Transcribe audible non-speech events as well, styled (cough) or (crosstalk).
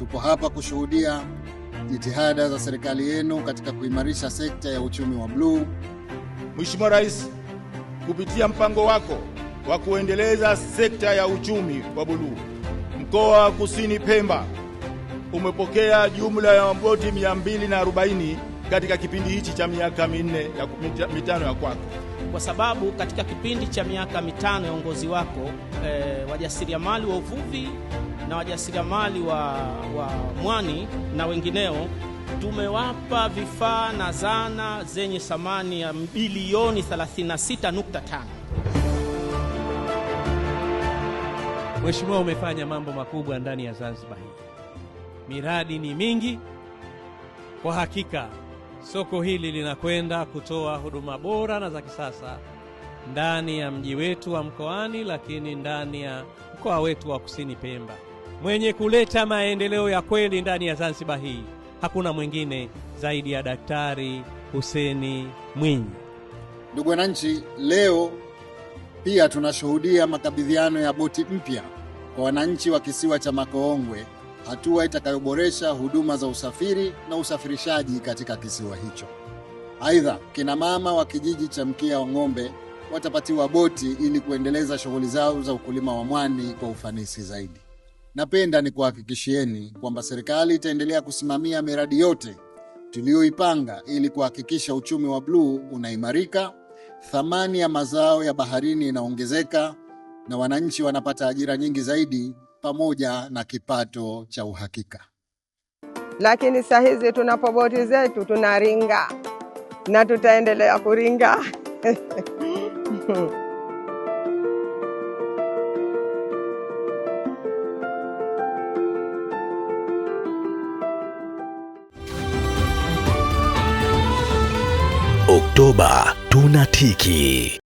Tupo hapa kushuhudia jitihada za serikali yenu katika kuimarisha sekta ya uchumi wa bluu. Mheshimiwa Rais, kupitia mpango wako wa kuendeleza sekta ya uchumi wa buluu, mkoa wa Kusini Pemba umepokea jumla ya maboti 240 katika kipindi hichi cha miaka minne ya mitano ya kwako, kwa sababu katika kipindi cha miaka mitano ya uongozi wako e, wajasiriamali wa uvuvi na wajasiriamali wa, wa mwani na wengineo tumewapa vifaa na zana zenye thamani ya bilioni 36.5. Mheshimiwa, umefanya mambo makubwa ndani ya Zanzibar hii, miradi ni mingi kwa hakika. Soko hili linakwenda kutoa huduma bora na za kisasa ndani ya mji wetu wa Mkoani, lakini ndani ya mkoa wetu wa Kusini Pemba. Mwenye kuleta maendeleo ya kweli ndani ya Zanzibar hii hakuna mwingine zaidi ya Daktari Huseni Mwinyi. Ndugu wananchi, leo pia tunashuhudia makabidhiano ya boti mpya kwa wananchi wa kisiwa cha Makoongwe, hatua itakayoboresha huduma za usafiri na usafirishaji katika kisiwa hicho. Aidha, kina mama wa kijiji cha Mkia wa Ng'ombe watapatiwa boti ili kuendeleza shughuli zao za ukulima wa mwani kwa ufanisi zaidi. Napenda ni kuhakikishieni kwamba serikali itaendelea kusimamia miradi yote tuliyoipanga ili kuhakikisha uchumi wa bluu unaimarika, thamani ya mazao ya baharini inaongezeka na wananchi wanapata ajira nyingi zaidi pamoja na kipato cha uhakika. Lakini saa hizi tunapo boti zetu tunaringa na tutaendelea kuringa (laughs) Oktoba tunatiki.